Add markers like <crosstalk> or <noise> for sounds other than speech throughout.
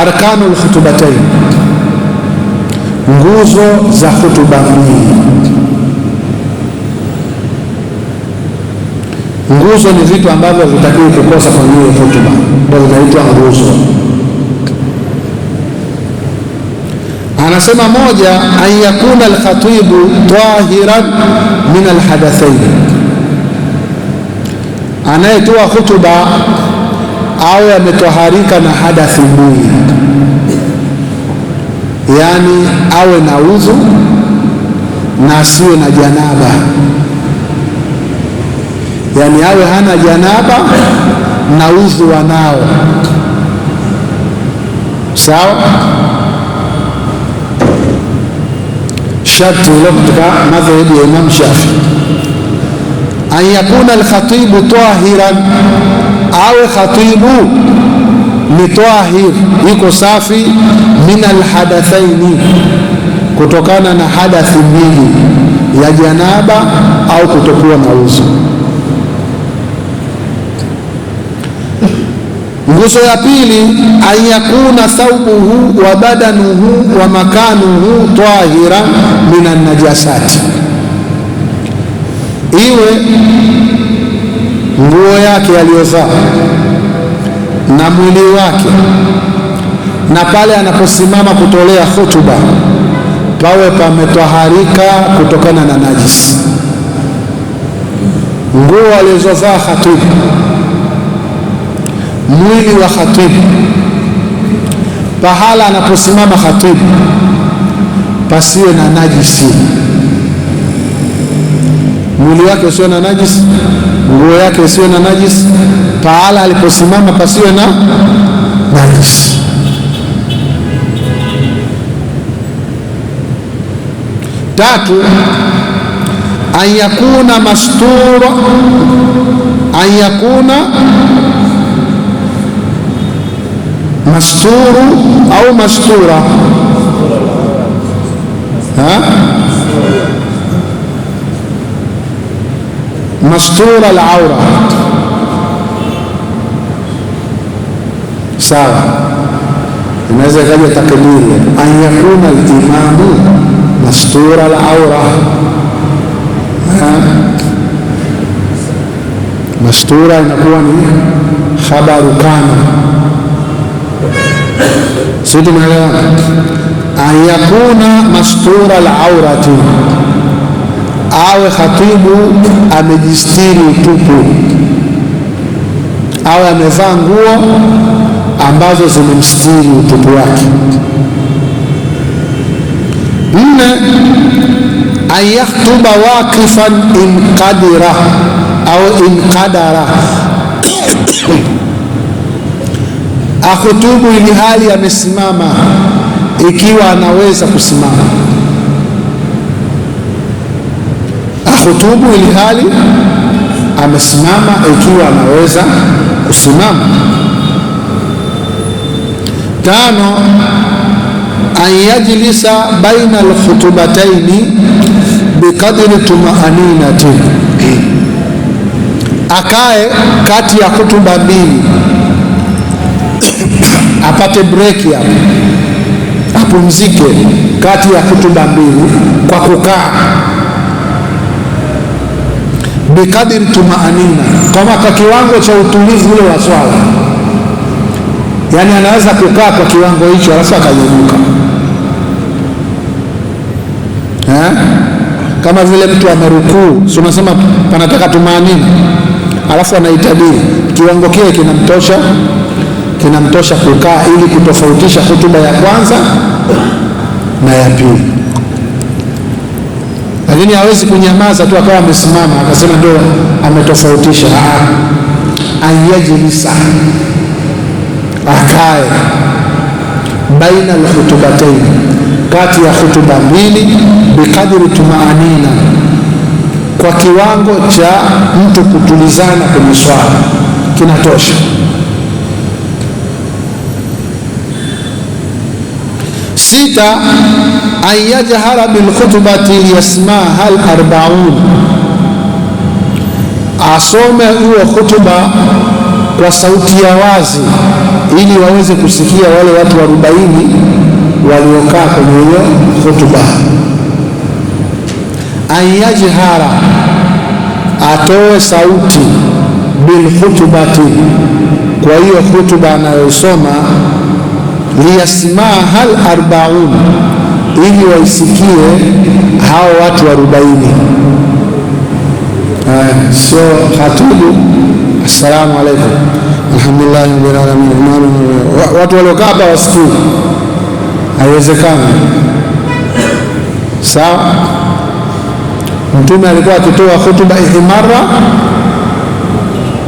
Arkanul khutbatain, nguzo za khutuba mbili. Nguzo ni vitu ambavyo vitakiwi kukosa kwenye hutuba, ndio zinaitwa nguzo. Anasema moja, an yakuna alkhatibu tahiran min alhadathain, anayetoa hutuba awe ametoharika na hadathi mbili yaani awe na udhu na asiwe na janaba, yaani awe hana janaba na udhu wanao sawa. Sharti ulokutoka madhehebu ya Imam Shafi an yakuna alkhatibu tahiran, awe khatibu ni tahir, iko safi, min alhadathaini, kutokana na hadathi mbili ya janaba au kutokuwa na uzu. Nguzo ya pili, an yakuna thawbuhu wa badanuhu wa makanuhu tahira min alnajasati iwe nguo yake aliyovaa na mwili wake, na pale anaposimama kutolea hotuba pawe pametwaharika kutokana na najisi. Nguo alizovaa khatibu, mwili wa khatibu, pahala anaposimama khatibu pasiwe na najisi mwili wake usiwe na najis, nguo yake usiwe na najis, pahala aliposimama pasiwe na najis. Tatu, an mastura, an masturu au mastura ha? مستور العورة سارة لماذا غير تقليل أن يكون الإمام مستور العورة مستورة إن أكون خبر كان سيدنا أن يكون مستور العورة awe khatibu amejistiri utupu, awe amevaa nguo ambazo zimemstiri utupu wake. Nne, an yakhutuba waqifan inqadira au qadara akhutubu ili hali amesimama, ikiwa anaweza kusimama hutubu ili hali amesimama, ikiwa anaweza kusimama. Tano, anyajlisa baina alkhutubataini biqadri tumaaninati, akae kati ya kutuba mbili <coughs> apate breki hapo, apumzike kati ya kutuba mbili kwa kukaa bikadir tumaanina, kama kwa kiwango cha utulivu ule wa swala, yaani anaweza kukaa kwa kiwango hicho alafu akanyanyuka kama vile mtu amerukuu, si unasema panataka tumaanina, alafu anaitabiri kiwango kile kinamtosha, kinamtosha kukaa, ili kutofautisha hutuba ya kwanza na ya pili lakini hawezi kunyamaza tu akawa amesimama akasema ndio ametofautisha. Anyajilisa, ah, akae baina alkhutubataini, kati ya khutuba mbili, biqadri tumaanina, kwa kiwango cha mtu kutulizana kwenye swala kinatosha. Sita, an yajhara bilkhutbati liyasmaha arbaun, asome huo khutba kwa sauti ya wazi ili waweze kusikia wale watu arobaini waliokaa kwenye hiyo khutba. An yajhara, atoe sauti khutbati, kwa hiyo khutba anayosoma liyasmaa hal arbaun, ili waisikie hao watu arobaini. so hatubu assalamu alaikum, alhamdulillahi rabbil alamin, watu waliokaa hapa wasikii, haiwezekani. Sawa, Mtume alikuwa akitoa khutuba ihimara,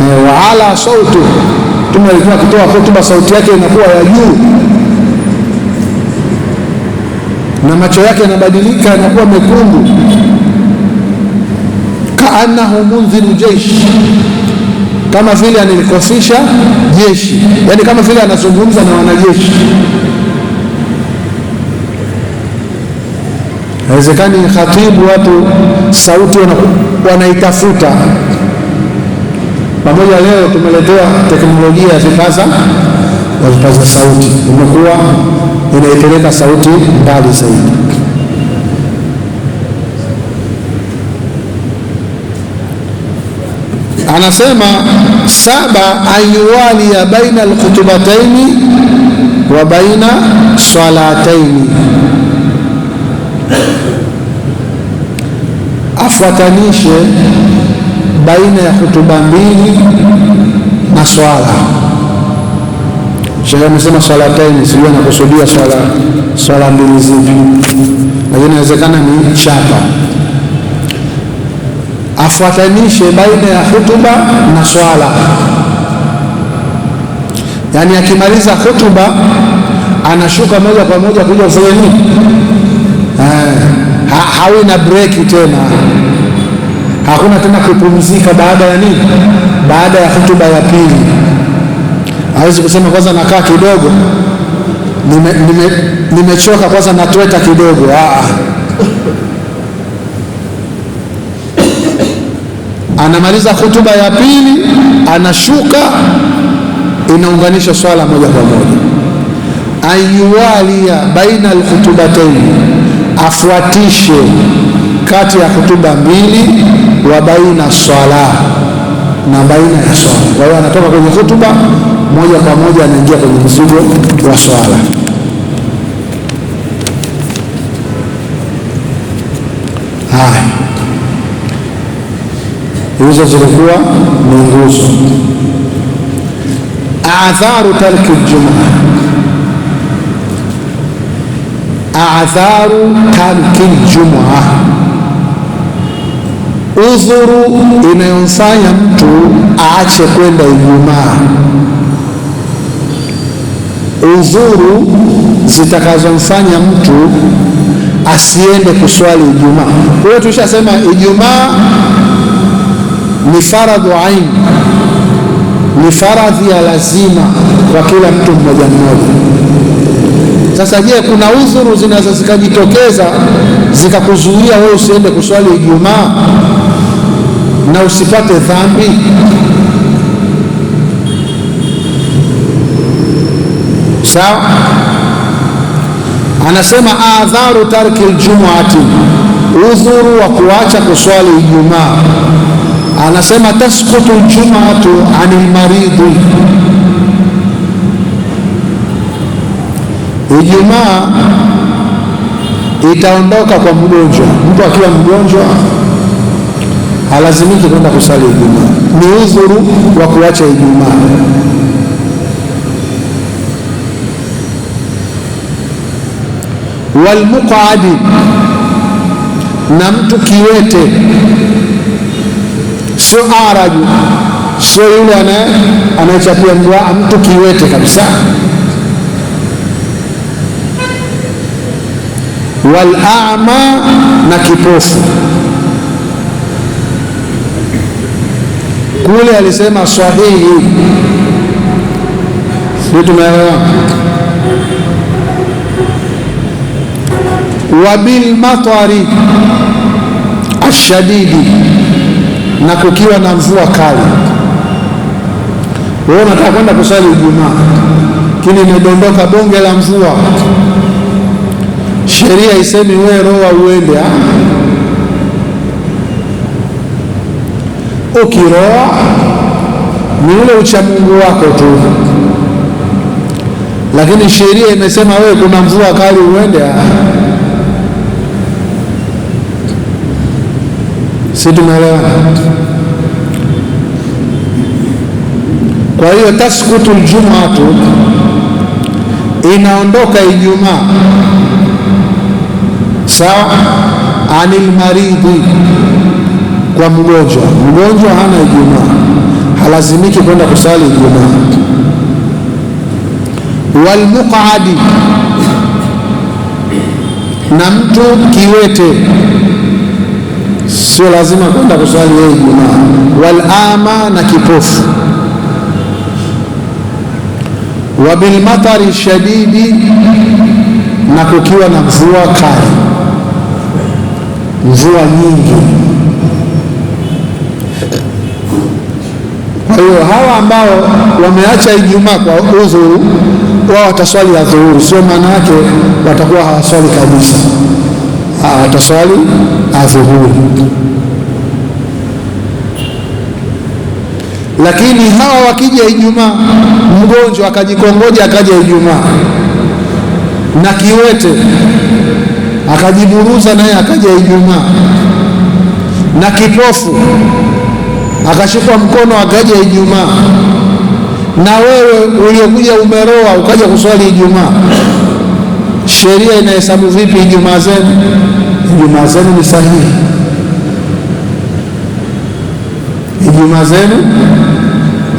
eh, wa ala sautu Mtume alikuwa akitoa hotuba sauti yake inakuwa ya juu na macho yake yanabadilika yanakuwa mekundu, kaanahu mundhiru jeshi, kama vile analikosisha jeshi, yaani kama vile anazungumza na wanajeshi. Haiwezekani khatibu, watu sauti wanaitafuta pamoja leo tumeletewa teknolojia ya vipaza ya vipaza sauti, imekuwa inaipeleka sauti mbali zaidi. Anasema saba, ya baina alkhutubataini wa baina salataini, afuatanishe baina ya hutuba mbili na swala. Shehe amesema tena, sijui anakusudia swala swala mbili zipi, lakini inawezekana ni chapa afuatanishe baina ya hutuba na swala, yaani akimaliza hutuba anashuka moja kwa moja kuja kufanya nini, eh, hawi na break tena hakuna tena kupumzika baada ya nini? Baada ya hutuba ya pili, hawezi kusema kwanza nakaa kidogo, nimechoka, nime, nime kwanza natweta kidogo. Ah, anamaliza hutuba ya pili, anashuka, inaunganisha swala moja kwa moja. Ayuwalia baina alkhutubataini, afuatishe kati ya hutuba mbili wa baina swala na baina ya swala. Kwa hiyo anatoka kwenye hutuba moja kwa moja anaingia kwenye mzigo wa swala. Haya, hizo zilikuwa ni nguzo. adharu tarki ljuma, aatharu tarki ljuma udhuru inayomfanya mtu aache kwenda Ijumaa, udhuru zitakazomfanya mtu asiende kuswali Ijumaa. Kwa hiyo tushasema Ijumaa ni faradhu ain, ni faradhi ya lazima kwa kila mtu mmoja mmoja. Sasa je, kuna udhuru zinaweza zikajitokeza zikakuzuia wewe usiende kuswali Ijumaa? na usipate dhambi. Sawa, anasema adharu tarki ljumuati, udhuru wa kuacha kuswali Ijumaa. Anasema tasqutu ljumuatu ani lmaridhi, Ijumaa itaondoka kwa mgonjwa. Mtu akiwa mgonjwa halazimiki kwenda kusali Ijumaa, ni udhuru wa kuacha Ijumaa. Walmuqaadi, na mtu kiwete, sio araju, sio yule anayechapia mdwaa mtu kiwete kabisa. Walama, na kipofu kule alisema sahihi, sio? Tumeelewa. wa bil matari ashadidi, na kukiwa na mvua kali. Wewe unataka kwenda kusali Ijumaa, kini imedondoka bonge la mvua, sheria isemi wewe roho uende ah. Ukiroa ni ule uchamungu wako tu, lakini sheria imesema wewe, kuna mvua kali uende. Ah. Si tumeelewana? Kwa hiyo taskutu tu inaondoka Ijumaa, sawa anil kwa mgonjwa. Mgonjwa hana Ijumaa, halazimiki kwenda kusali Ijumaa. Walmuqadi, na mtu kiwete, sio lazima kwenda kusali yeye Ijumaa. Walama, na kipofu. Wa bilmatari shadidi, na kukiwa na mvua kali, mvua nyingi Kwa hiyo hawa ambao wameacha Ijumaa kwa udhuru, wao wataswali adhuhuri, sio maana yake watakuwa hawaswali kabisa, ah, wataswali adhuhuri. Lakini hawa wakija Ijumaa, mgonjwa akajikongoja akaja Ijumaa na kiwete akajiburuza naye akaja Ijumaa na kipofu akashikwa mkono akaja Ijumaa, na wewe uliokuja umeroa ukaja kuswali Ijumaa, sheria inahesabu vipi Ijumaa zenu? Ijumaa zenu ni sahihi, Ijumaa zenu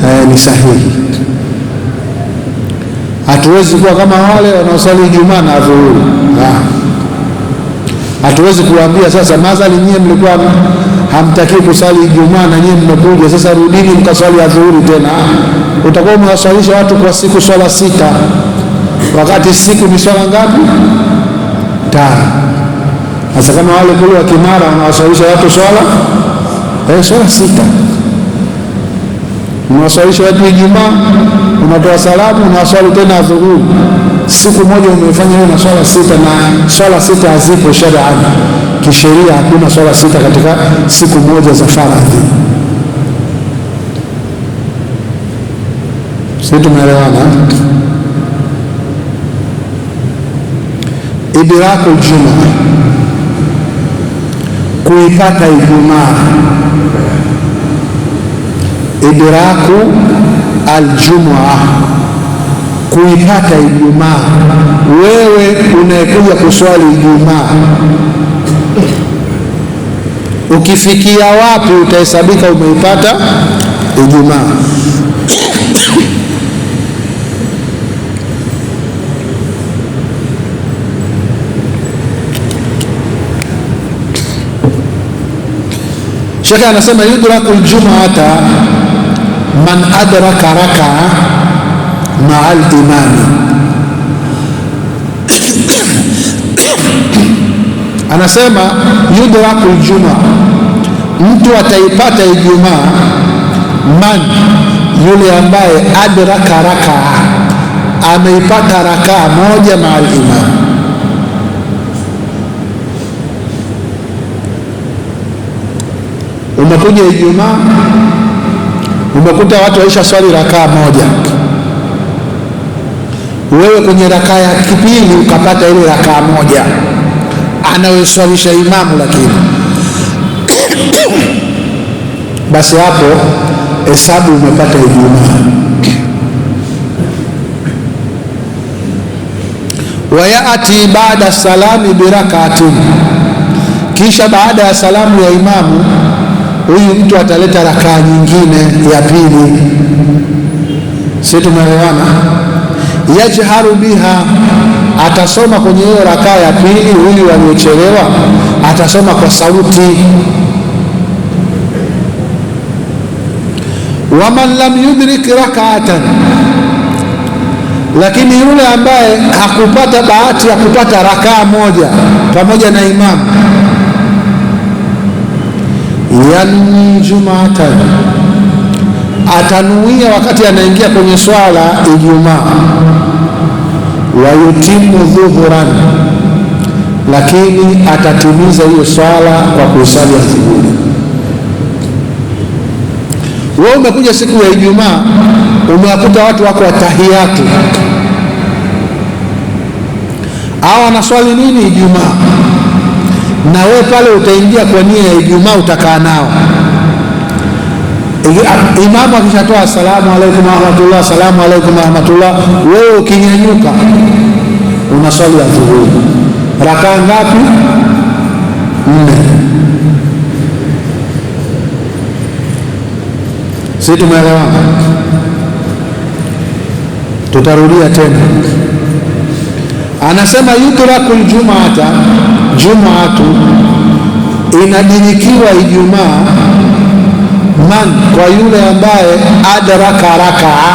eh, ni sahihi. Hatuwezi kuwa kama wale wanaoswali Ijumaa na dhuhuri, ah. hatuwezi kuambia sasa, madhali nyie mlikuwa hamtaki kusali Ijumaa na nyinyi mmekuja sasa, rudini mkaswali adhuhuri tena. Utakuwa umewaswalisha watu kwa siku swala sita, wakati siku ni swala ngapi? Tano. Sasa kama wale kule wa Kimara wanawaswalisha watu swala eh, swala sita, unawaswalisha watu Ijumaa, unatoa salamu, unawaswali tena adhuhuri siku moja umefanya hiyo na swala sita, na swala sita hazipo shar'an, kisheria hakuna swala sita katika siku moja za faradhi. Si tumeelewana? Idraku juma, kuipata Ijumaa. Idraku aljumua kuipata Ijumaa. Wewe unayekuja kuswali Ijumaa, ukifikia wapi utahesabika umeipata Ijumaa? Shekhe anasema yudraku ljumaata man adraka rakaa maal imami anasema yudraku ljumaa, mtu ataipata Ijumaa. Man, yule ambaye adraka rakaa, ameipata rakaa moja maal imam. Umekuja Ijumaa, umekuta watu waisha swali rakaa moja wewe kwenye rakaa ya kipili ukapata ile rakaa moja anayoswalisha imamu, lakini basi hapo hesabu umepata Ijumaa. Wayati baada salami birakaatin, kisha baada ya salamu ya imamu huyu mtu ataleta rakaa nyingine ya pili. Si tumeelewana? yajharu biha, atasoma kwenye hiyo rakaa ya pili. Huyu waliochelewa atasoma kwa sauti. Waman lam yudrik rakaatan, lakini yule ambaye hakupata bahati ya kupata rakaa moja pamoja na imamu jumaatan atanuia wakati anaingia kwenye swala Ijumaa, wayutimu dhuhuran, lakini atatimiza hiyo swala kwa kuisali asubuhi. Wewe umekuja siku ya Ijumaa, umewakuta watu wako watahiyatu, au anaswali nini Ijumaa, na we pale utaingia kwa nia ya Ijumaa, utakaa nao Ah, imamu akishatoa asalamu alaikum warahmatullah, asalamu alaikum warahmatullah, wewe ukinyanyuka unaswali ya rakaa ngapi? Nne. Si tumeelewa? Tutarudia tena. Anasema yutraku ljumata, jumatu inadirikiwa Ijumaa man, kwa yule ambaye adraka rakaa,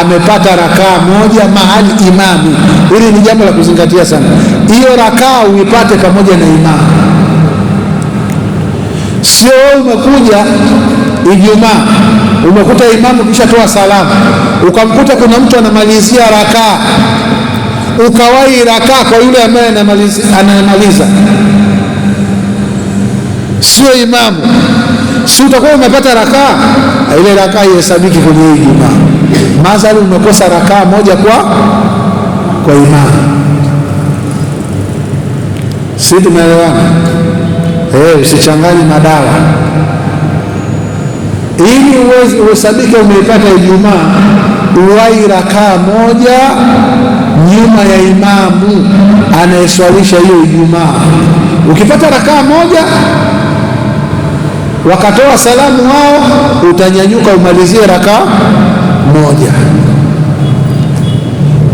amepata rakaa moja mahali imami Hili ni jambo la kuzingatia sana, hiyo rakaa uipate pamoja na imamu, sio wewe umekuja Ijumaa umekuta imamu kishatoa salamu, ukamkuta kuna mtu anamalizia rakaa, ukawai rakaa kwa yule ambaye anamaliza sio imamu, si utakuwa umepata rakaa ah, ile, rakaa ihesabiki kwenye Ijumaa. Madhali umekosa rakaa moja kwa kwa imamu, si tumeelewana? Eh, usichanganye madawa ili uweze uhesabike umeipata Ijumaa, uwai rakaa moja nyuma ya imamu anayeswalisha hiyo Ijumaa. Ukipata rakaa moja wakatoa salamu wao, utanyanyuka umalizie rakaa moja.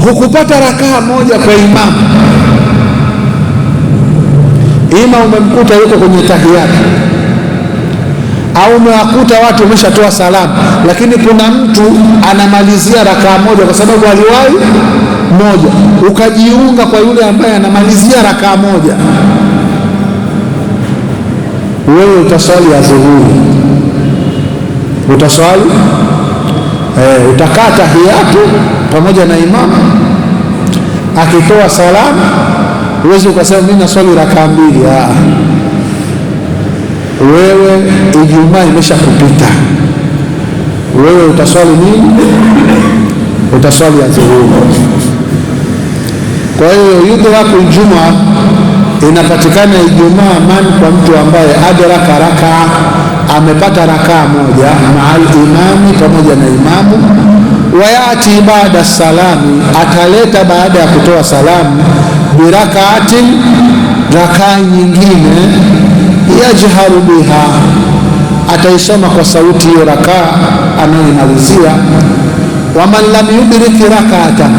Hukupata rakaa moja kwa imamu, ima umemkuta yuko kwenye tahiyati au umewakuta watu wameshatoa salamu, lakini kuna mtu anamalizia rakaa moja kwa sababu aliwahi moja, ukajiunga kwa yule ambaye anamalizia rakaa moja wewe utaswali adhuhuri, utaswali e, utakaa tahiyatu pamoja na imamu akitoa salamu. Huwezi ukasema mimi naswali rakaa mbili. Ah. Wewe Ijumaa imesha kupita, wewe utaswali nini? Utaswali adhuhuri. Kwa hiyo yudhraku juma inapatikana Ijumaa man kwa mtu ambaye adraka rakaa, amepata rakaa moja maal imami, pamoja na imamu. Wayati baada salami, ataleta baada ya kutoa salamu birakaatin, rakaa nyingine. Yajharu biha, ataisoma kwa sauti hiyo rakaa anayoimalizia. Waman lam yudriki rakaatan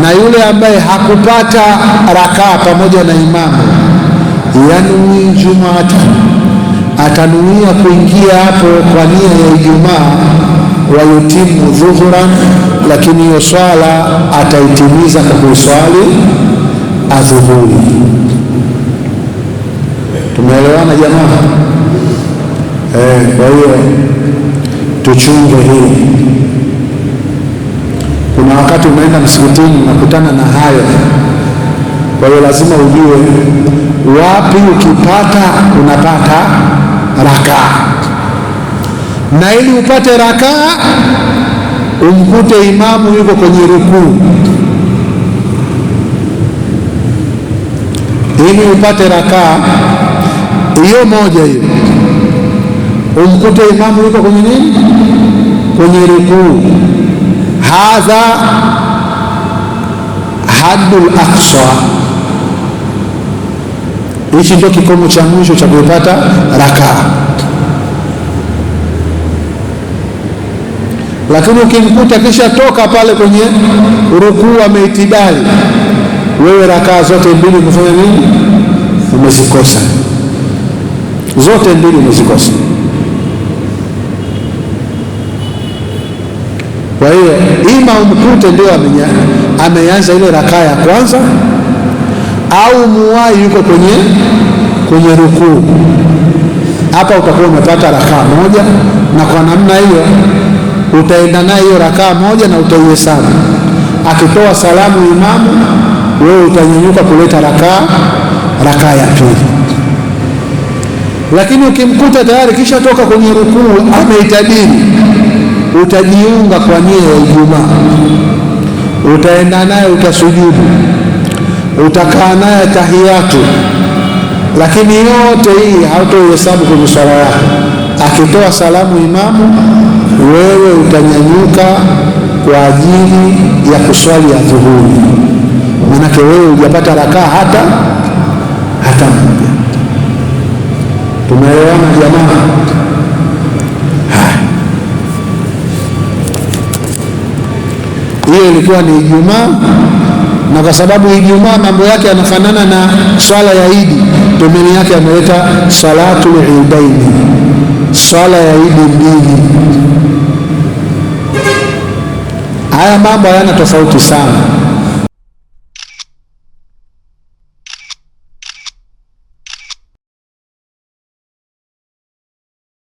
na yule ambaye hakupata rakaa pamoja na imamu, yanui jumaatu, atanuia kuingia hapo kwa nia ya Ijumaa, wayutimu dhuhuran, lakini hiyo swala ataitimiza kwa kuiswali adhuhuri. Tumeelewana jamaa? Eh, kwa hiyo tuchunge hii. Kuna wakati unaenda msikitini unakutana na hayo. Kwa hiyo lazima ujue wapi ukipata unapata rakaa, na ili upate rakaa umkute imamu yuko kwenye rukuu. Ili upate rakaa hiyo moja, hiyo umkute imamu yuko kwenye nini, kwenye rukuu hadha haddul aqsa, hichi ndio kikomo cha mwisho cha kuipata rakaa. Lakini ukimkuta kisha toka pale kwenye rukuu ameitidali, wewe rakaa zote mbili umefanya nini? Umezikosa zote mbili, umezikosa. Kwa hiyo ima umkute ndio ameanza ile rakaa ya kwanza au muwai yuko kwenye kwenye rukuu, hapa utakuwa umepata rakaa moja, na kwa namna hiyo utaenda naye hiyo rakaa moja na utaihesabu. Akitoa salamu imamu, wewe utanyanyuka kuleta rakaa rakaa ya pili. Lakini ukimkuta tayari kisha toka kwenye rukuu ameitadili utajiunga kwa nia ya Ijumaa, utaenda naye, utasujudu, utakaa naye tahiyatu, lakini yote hii hautoihesabu kwenye swala yako. Akitoa salamu imamu, wewe utanyanyuka kwa ajili ya kuswali ya dhuhuri, manake wewe hujapata rakaa hata hata moja. Tumeelewana jamaa? hiyo ilikuwa ni Ijumaa, na kwa sababu Ijumaa mambo yake yanafanana na swala ya Idi, domeni yake ameleta salatul idaini, swala ya Idi mbili. Haya mambo hayana tofauti sana.